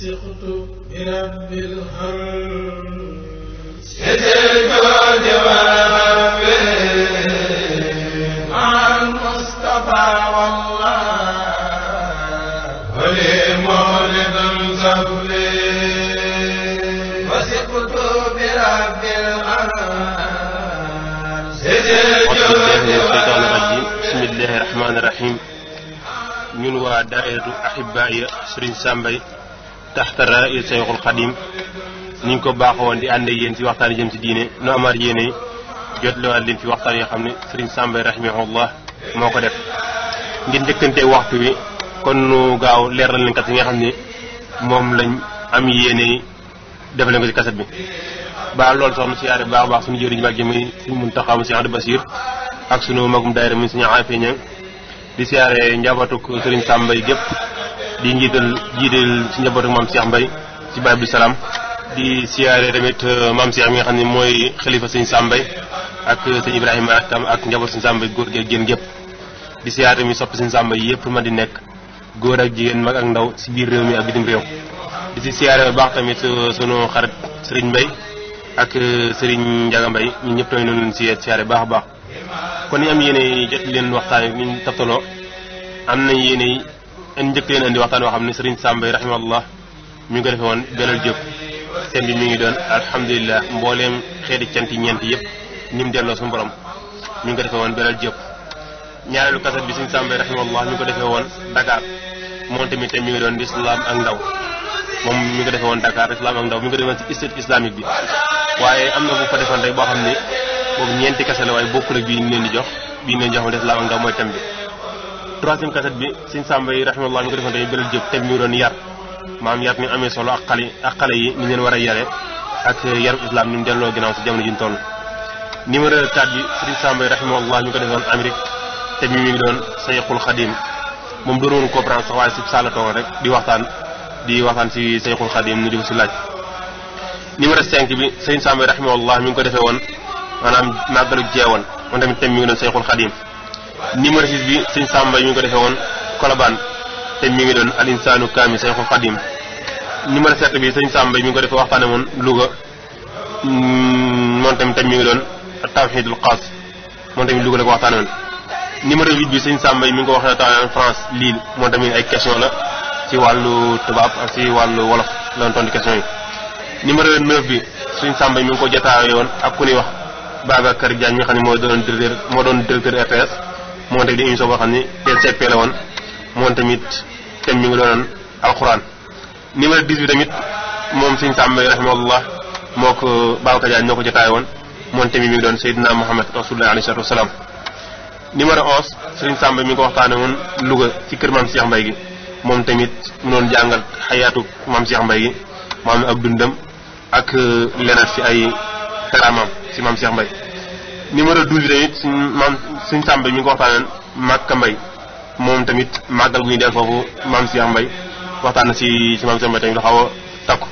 وثقت برب الهرم بسم الله الرحمن الرحيم ñun waa daayatu axibaaya Serigne Sam Mbaye taxtara il shaykhul xadim ni ñu ko baaxoon di ande yeen ci waxtaan jëm ci diine no amar yéene jotlo lewaat leen fi waxtaan yoo xam serigne sambe rahimahullah moko def ngeen dekkante waxtu wi kon nu gaaw leral leen kat nga xam mom lañ am yéene def leen ko ci cassette bi ba lol soxna si yaare baax baax suñu jëriñ mag yi muy suñ mun taxaw Basir ak sunu magum daayira muy suñu aafee ñang di siyaare njabootuk sëriñ sàmba yi gépp di njiital jiital ci njabootu maam Cheikh mbay ci Baye Salam di siyaare tamit euh, mam Cheikh mi nga xamni moy khalifa seigne Sambay ak euh, seigne ibrahim tam ak njabootu seigne Sambay góor geeg gene gep di siyaare mi sopp seigne Sambay yep ma di nek góor ak jigen mag ak ndaw ci biir rew mi ak bitim rew di ci siyaare bu baax tamit euh, sunu xarit Serigne mbay ak Serigne njaga mbay ñi ñep tamit noonu ci siyaare baax baax kon ñu am yéene jot leen waxtaan ñu tatalo am na njëkk leen indi waxtaan woo xam ne Serigne Sam Mbaye rahimahullah mi ngi ko defee woon Belel Diop seen bi mi ngi doon alhamdulilah mbooleem xeeti cant yi ñeent yëpp ni mu delloo su mboroom mi ngi ko defee woon Belel Diop. ñaareelu kaset bi Serigne Sam Mbaye rahimahullah mi ngi ko defee woon Dakar moom tamit mi ngi doon di islam ak ndaw moom mu ngi ko defee woon Dakar islam ak ndaw mi ngi ko defee woon ci institut islamique bi. waaye am na bu fa defoon rek boo xam ne boobu ñeenti kaset la waaye bokkul bii ñu leen di jox bii ñu leen def islam ak ndaw mooy thème bi. troisième cassette bi seigne Samba yi rahimahullah ñu ko defoon tey beral jëpp te ñu doon yar maam yar ni amé solo ak xali ak xale yi ni leen wara yaré ak yar islam ni mu delloo ci si jamono ji ñu toll numéro 4 bi seigne Samba yi rahimahullah ñu ko defoon amerique te mi ngi doon Sayxul Xadim moom doon woon comprendre sax way si saala toogoon rek di waxtaan di waxtaan ci Sayxul khadim ñu di ci laaj numéro 5 bi seigne Samba yi ngi ko tamit ngi numéro 6 bi sëñ Samba ñu ngi ko defee woon Colobane te mi ngi doon al insaanu kaamil Seexul Xadim numéro 7 bi sëñ Samba mi ngi ko defee waxtaane woon Louga mm, moom tamit mi ngi doon tawxiidul xaas moom tamit Louga la ko waxtaane woon numéro 8 bi sëñ Samba mi ngi ko waxtaane woon France lii moo tamit ay question la ci wàllu tubaab ak ci wàllu wolof la doon tontu question yi numéro 9 bi sëñ Samba mi ngi ko jotaawee yoon ak ku ñuy wax Babacar Diagne mi nga xam ne moo doon directeur moo doon directeur RTS moo tamit émission boo xam ni DCP la woon moom tamit thème bi nga doonoon alquran numéro 10 bi tamit moom sëñ sàmbe rahimahullah moo ko baawka jaay ñoo ko jotaay woon moom tamit mi ngi doon sayidina muhammad rasulullah alayhi salatu wasalaam numéro 11 sëriñ sàmbe mi ngi ko waxtaane woon Louga ci kër maam Cheikh Mbaye gi moom tamit mu doon jàngal xayaatu maam Cheikh Mbaye gi maam ak dundam ak leneen si ay karamam si maam Cheikh Mbaye numéro 12 bi tamit suñ maam suñ sàmb mi ngi waxtaanee Makka Mbay mom tamit magal guñu def fofu mam Cheikh Mbay waxtaan na si si maam Cheikh tamit lu xaw takku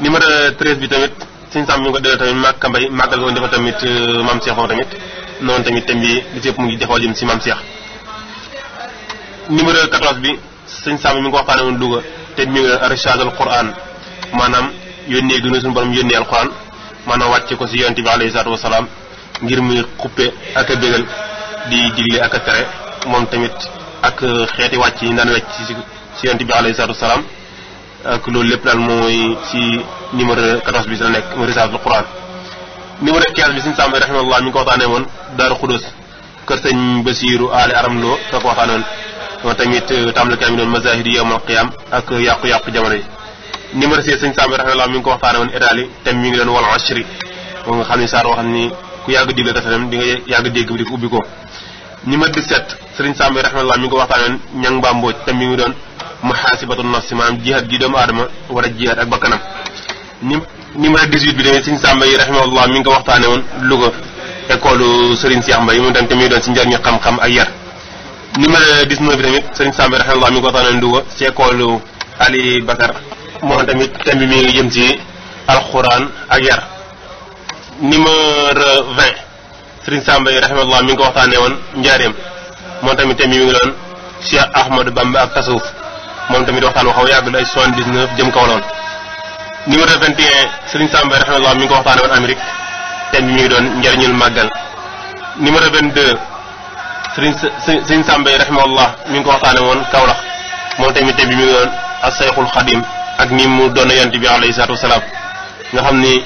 numéro 13 bi tamit suñ tambe ñu ko def tamit Makka Mbay magal guñu def tamit euh, mam Cheikh xawa tamit non tamit thème bi li ci mu ngi defal jëm si mam Cheikh. numéro 14 bi suñ tambe mi ngi ko waxtaanee woon te ñu ngi Quran manam yonne gi suñu borom yonne alquran mën a wàcce ko si yonte bi alayhi salatu wasalaam ngir muy xuppe ak a bégal di digli ak a tere moom tamit ak xeeti wàcc yi daan wecc si si yonte bi alayhi salatu wasalaam ak loolu lépp daal mooy si numéro 14 bi si la nekk mu risalatul quran numéro 15 bi suñ sàmm rahimahullah mi ngi ko waxtaanee woon daaru xudus kër sëñ basiru aali aram loo ko waxtaanee woon tamit tam la kaami doon mazahidi yowmal qiyam ak yàqu-yàqu jamono yi numéro ci seigne Samb rahmalahu mi ngi ko waxtaane woon Italie tem mi ngi len wal ashri mo nga xamni sa saar woo xam ni ku yàgg digle dafatam di nga yag dégg bi di ubbi ko numéro 17 seigne Samb rahmalahu mi ngi ko waxtaane woon ñang Mbambooj tem mi ngi don muhasibatun nafs maanaam jihad gi dem adama wara jihad ak bakanam numéro 18 bi tamit sëriñ Samb rahmalahu mi ngi ko waxtaane woon Louga école sëriñ Cheikh mbay moom tamit te mi ngi doon si njariñu xam-xam ak yar numéro 19 bi tamit sëriñ Samb rahmalahu mi ngi ko waxtaane woon ci école Ali Bakar moom tamit thème bi mi ngi jëm ci alquran ak yar numéro vingt Serigne Samba yi rahimahullah mi ngi ko waxtaanee woon njaareem moom tamit thème bi mi ngi doon Cheikh Ahmadou Bamba ak tasawuf moom tamit waxtaan wa xaw yàgg la ay soixante dix neuf jëm kaw loon numéro vingt et un Serigne Samba yi rahimahullah mi ngi ko waxtaanee woon Amérique thème bi mi ngi doon njariñul màggal numéro vingt deux Serigne Serigne Samba yi rahimahullah mi ngi ko waxtaanee woon Kaolack moom tamit thème bi mi ngi doon Asayxul Xadim ak ni mu doon yonent bi alayhi salatu wassalam nga xamni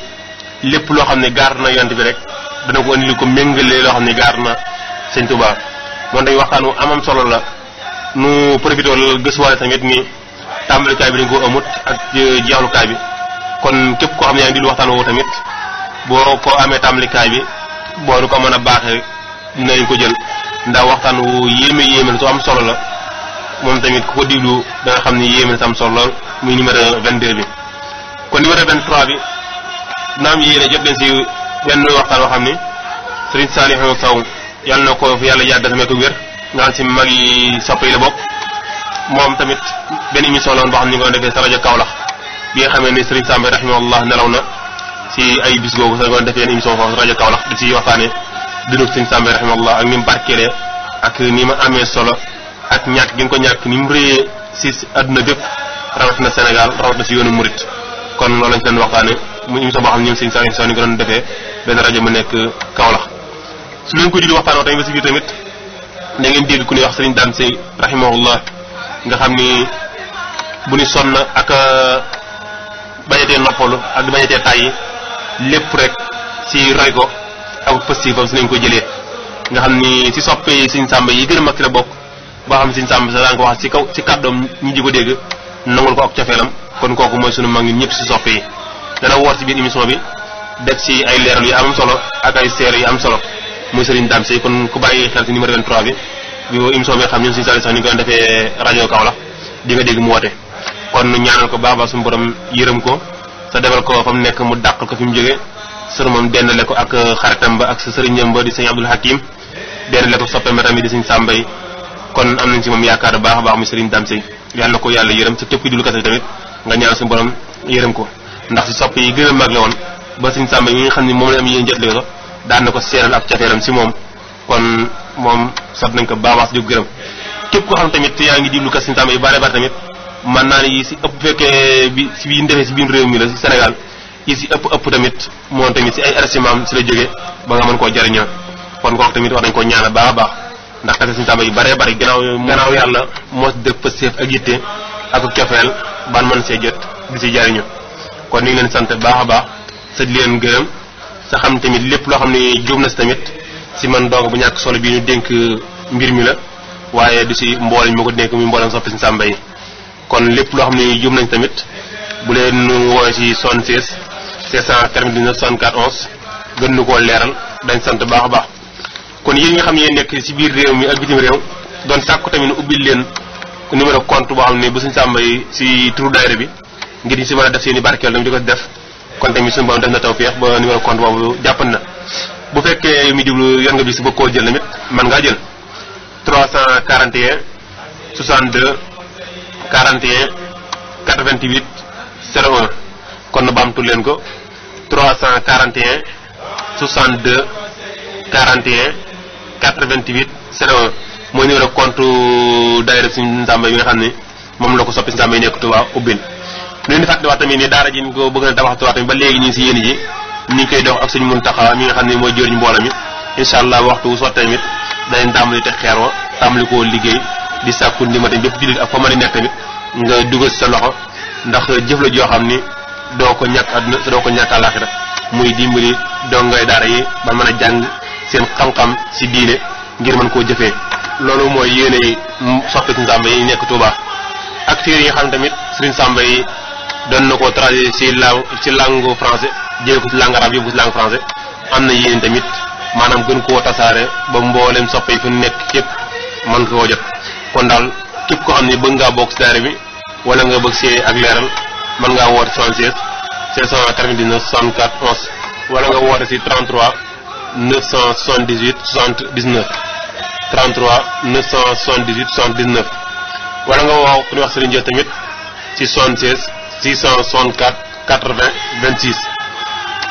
lepp lo xamni gar na yonent bi rek dana ko andi ko mengale lo xamni gar na seigne Touba moom day waxtanu amam solo la nu profito la wala tamit ni kay bi dañ ko amut ak euh, kay bi kon kep ko xam ne yaa ngi di waxtaan tamit bo ko tambali kay bi bo nu ko meuna baxé baaxee ko jël nda waxtanu wu yéeme yéeme am solo la mom tamit ko diglu da nga xamni ni tam solo muy numéro 22 bi. kon numéro 23 bi naam yéen a jot leen si benn waxtaan boo xam sëriñ Serigne Saliou Sow yàlla na ko yàlla yàggal sama ko wér nga xam si mag yi sopp yi moom tamit benn émission la boo xam ni nga ko defee sa rajo Kaolack bi nga xamee ni Serigne Samb rahimahullah nelaw na si ay bis googu sax nga ko defee émission foofu rajo Kaolack di si waxtaanee dundu Serigne Samb rahimahullah ak ni mu barkeelee ak ni ma amee solo ak ñàkk gi ko ñàkk ni mu rëyee si àdduna bépp. rawat na Sénégal rawat na si yoonu murit kon loolu lañ doon waxtaane mu ñu sama xam ñu ñoom sëñ Saliou Sow ni ko doon defee benn rajo mu nekk Kaolack su leen ko julli waxtaan wa ba si biir tamit da ngeen dégg ku ne wax sëriñ daan Sey rahimahullah nga xam ni bu ni sonn ak euh, bañatee noppalu ak bañatee tàyyi lépp rek si roy ko ak positifam su nañ ko jëlee nga xam ni si soppe sëñ Samba yi gën a mag la bokk boo xam sëñ Samba sa daan ko wax ci kaw ci kàddoom ñi di ko dégg nangul ko ak tiafelam kon koku moy sunu mag ñun ñëpp si soppe dana wor ci biir émission bi def ci ay leral yu am solo ak ay yu am solo muy serigne dam sey kon ku bayyi xel ci numéro 23 bi bi ko émission bi xam ñun ci sali sax ni ko rajo Kaolack di nga dégg mu woté kon ñaanal ko baba baax borom yërem ko sa defal ko fam nek mu dakk ko fim jëgé mom dénalé ko ak xaritam ba ak sa ba di Abdul Hakim dénalé ko soppam tamit di sëñ Sambay kon am nañ ci moom yaakaar baax baax mi Serigne dam sey yàlla ko yàlla yërëm ci képp ku jullu kat tamit nga ñaan suñu borom yërëm ko ndax si sopp yi gën a mag la woon ba Serigne sàmba yi nga xam ne moom la am yéen jot ko daan na ko seeral ab cateeram si moom kon moom sab nañ ko baax baax di gërëm képp ko xam tamit yaa ngi jublu kat sëriñ yi bare bare tamit man naa yi si ëpp fekkee bi si bi ndefee si biir réew mi la si Sénégal yi si ëpp ëpp tamit moom tamit si ay arsimam si la jóge ba nga mën koo jariñoo kon kooku tamit war nañ ko ñaanal baax baax ndax tamit suñu tamba yu bare bare ginaaw ginaaw yalla mo dëpp seef ak yitte ak cofeel ban man se jot di ci jariñu kon ni ngi sante baaxa baax a di sëj leen gërëm sa xam tamit lepp lo xamni ne na tamit ci man dong bu ñak solo bi ñu denk mbir mi la waye du ci mbol mi ko denk mi mbolam sopp si sàmba yi kon lepp lo xamni ne nañ tamit bu leen nu wooye si 76 799 74 11 gën nu koo leeral dañ sante baaxa baax kon yeen nga xam yeen nek ci biir rew mi ak bitim réew doon sàkku tamit nu ubbil leen numéro compte bo xam bu suñ sambay si tour daire bi ngir ci wala def seen barkel barkeel diko def kon tamit suñu borom def na tawfiq feex ba numéro compte bobu jàppan na bu yu mi djiblu yor nga bi si bëgg jël tamit man nga jël 341 62 41 88 01 kon na tu len ko 341 62 41 428 01 mooy numéro compte daayira si Nzamba bi nga xam ne moom la ko soppi si Nzamba yi nekk Touba ubbil lu ñu fàttali wax tamit ni daara ji ñu ko bëgg na tabax wax tamit ba léegi ñu si yéen ji ñu ngi koy dox ak suñu muntaxa mi nga xam ne mooy jëriñ mbooloo mi incha waxtu wu sottee tamit danañ tàmbali teg xeer wa tàmbali liggéey di sàkku ndima tamit bépp jullit ak fa nga dugal sa loxo ndax jëf la joo xam do ko ñàkk àdduna doo ko ñàkk àllaaxira muy dimbali yi ba mën seen xam-xam si diine ngir mën koo jëfee loolu mooy yéene yi soppi sëriñ sàmba yi nekk Touba ak téere yi xam tamit Serigne sàmba yi doon na ko traduire si langue ci langue français jëlee ko si langue arabe yóbbu si langue français am na yéene tamit maanaam gën koo tasaare ba mboolem soppi yi fu nekk yépp mën koo jot kon daal képp ko xam ne bëgg ngaa bokk si daara bi wala nga bëgg see ak leeral mën ngaa woote 76 799 64 11 wala nga woote si 33 978 79 33 978 79 wala nga woo ku ñuy wax Serigne Dia tamit ci 76 664 80 26.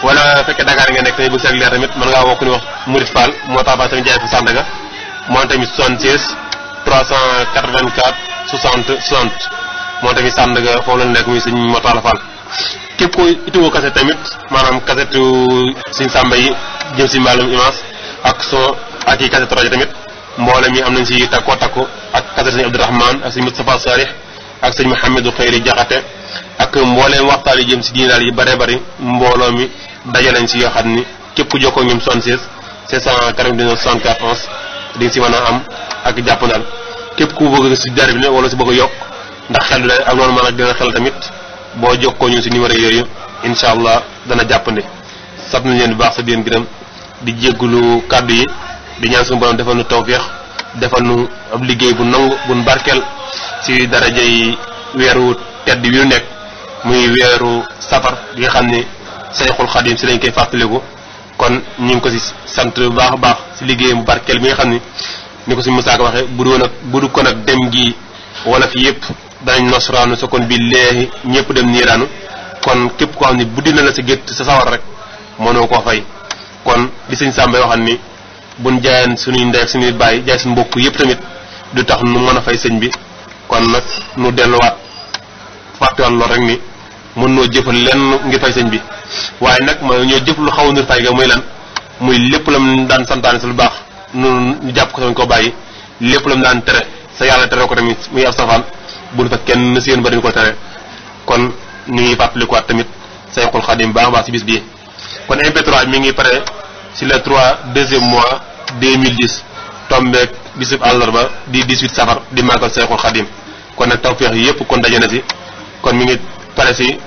wala fekkee Dakar nga nekk tamit bu seeg leer tamit mën ngaa woo ku ñuy wax Mouride Fall moo tax ba tamit jaay fi Sandaga moom tamit 76 384 60 60 moom tamit Sandaga foofu la nekk muy sëñ Motala Fall. kep ko itu ko kaset tamit maanaam kasetu sin samba yi jëm ci mbalum image ya ak so ak yi kasetu tamit mbolam yi am nañ ci takko takko ak kaset ni Abdourahman ak Sëñ Moustapha sarih ak Sëñ mohammed khairi Jaxate ak mbolam waxtaan yi jëm ci diine yi bare bare mbooloo mi daje nañ ci yo xamni kep képp ku jokkoo ñoom 76 749 di ci si am ak jappal kep képp ku bëgg ci daara bi ne wala ci bëgg yok ndax xel bi ak non mën a gën xel tamit boo jokkoo ñu si numéro yooyu incha allah dana jàppandi sab na leen bu baax sa biir gërëm di jéggulu kàddu yi di ñaan suñu borom defal nu tawféex defal nu ab liggéey bu nangu bu barkeel ci daraja yi weeru tedd wi ñu nekk muy weeru safar bi nga xam ne Sayxul Xadim si lañ koy fàttaliku kon ñu ngi ko si sant bu baax a baax si liggéey bu barkeel bi nga xam ne ni ko si Musaa Ka waxee bu doon ak bu du kon ak dem gi wala fi yëpp danañ nosraanu sa kon léegi ñëpp dem niiraanu kon képp koo xam ne buddi na la sa gétt sa sawar rek mënoo koo fay kon li sëñ Samba waxan ni buñ jaayeen sunuy ndey ak suñuy bàyyi jaay suñu mbokk yëpp tamit du tax nu mën a fay sëñ bi kon nag nu delluwaat fàttewoon loolu rek ni mën noo jëfal lenn ngir fay sëñ bi waaye nag ma ñoo jëf lu xaw nir fay ga muy lan muy lépp lam daan santaane sa lu baax nu jàpp ko sañ koo bàyyi lépp lam daan tere sa yàlla tere ko tamit muy ab safaan bu nu fa kenn seen ba dañu ko tere kon ñu ngi fàttalikuwaat tamit Sayxul Xadim baax a baax si bis bii. kon MP3 mi ngi pare si le 3 deuxième mois 2010 tombeeg bisub àllarba di 18 safar di màggal Sayxul Xadim kon nag tawféex yëpp kon na si kon mi ngi pare si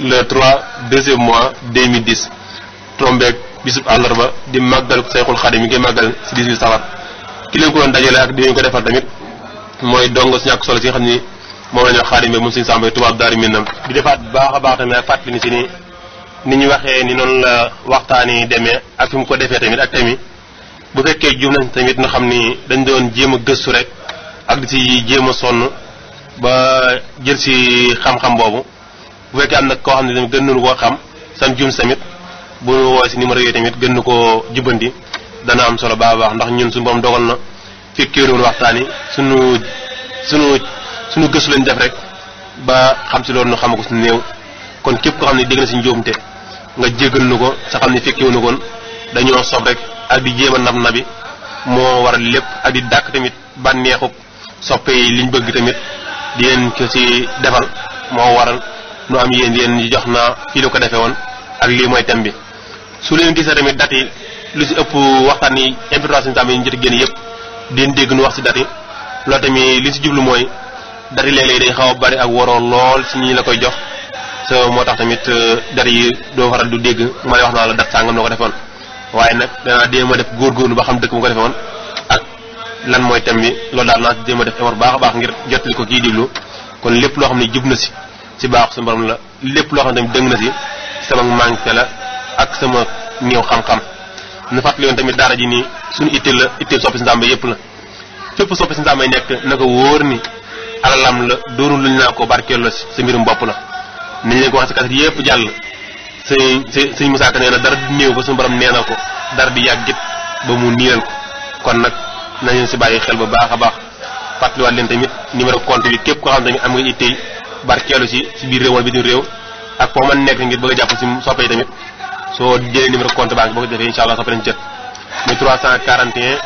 le 3 deuxième mois 2010 tombeeg bisub àllarba di màggal Sayxul Xadim mi ngi màggal si 18 safar ki leen ko doon dajale ak di ko defal tamit. mooy dongo si ñàkk solo si nga xam ni moom la ñu wax xaadim bi mu suñ sàmbay tubaab daari minnam di defaat baax a baax tamit ak fàttali ni si ni ni ñu waxee ni noonu la waxtaan yi demee ak fi mu ko defee tamit ak tamit bu fekkee jum nañ tamit na xam ni dañ doon jéem a gëstu rek ak di si jéem a sonn ba jël si xam-xam boobu bu fekkee am nag koo xam ne tamit gën koo xam sam jum tamit bu ñu woo si numéro yooyu tamit gën na koo jubbandi dana am solo baax baax ndax ñun suñu borom dogal na fekkeeru woon waxtaan yi sunu sunu sunu gëstu lañ def rek ba xam si loolu nu ko su néew kon képp ko xam ne dégg na si njuumte nga jégal nu ko sa xam ne fekkewu nu koon dañoo sob rek ak di jéem a nab nabi moo waral lépp ak di dàq tamit bànneexu soppe yi liñ bëgg tamit di leen ko si defal moo waral nu am yéen leen yi jox na fii lu ko defe woon ak lii mooy bi su leen gisee tamit date yi lu si ëpp waxtaan yi implication tamit njëkk génn yëpp den dégg nu wax ci dati loolu tamit li ci jublu mooy dati léeg-léeg day xaw a bari ak waroo lool ci ñi la koy jox so moo tax tamit euh, dati yi doo faral du dégg ma wax naa la dat sàngam noo ko defoon waaye nag danaa jéem a def góorgóorlu ba xam dëkk mu ko defewoon ak lan mooy thème bi loolu daal naa jéem a def effort baax a baax ngir jottali ko kii déglu kon lépp loo xam ne jub na ci ci baax su borom la lépp loo xam ne tamit dëng na ci sama manque la ak sama néew xam-xam nu fàttali woon tamit daara ji nii suñu itteel la itteel soppi si Samba yëpp la fépp soppi si Samba yi nekk na ko wóor ni alalam la doonul luñ naa ko barkeeloo si sa mbirum bopp la. niñ leen ko wax si kaset yépp jàll sëñ sëñ Moussa Ka nee dara di néew ba suñu borom neenal ko dara di yàggit ba mu niilal ko kon nag nañu si bàyyi xel bu baax a baax fàttaliwaat leen tamit numéro compte bi képp koo xam tamit am nga ittey barkeelu si si biir réew wala bitim réew ak foo man nekk ngir bëgg a jàpp si soppe yi tamit soo jëlee numéro compte banque boo ko defee incha allah soppe nañ jot muy 341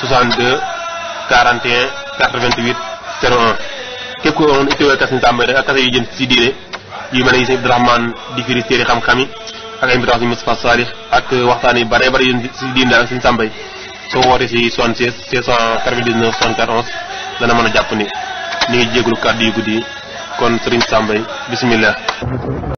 62 41 88 01 képp ku doon itteewoo kas ni tàmbali ak kase yu jëm si diine yi mel ne yi sëñ Abdourahmane di firi téere xam-xam yi ak ay mbitax si Moustapha Salih ak waxtaan yu bare bare yu si diine daal ak sëñ Samba yi soo wootee si 76 699 64 11 dana mën a jàpp ni ñu ngi jégalu kàddu guddi kon sëriñ Samba yi bisimilah.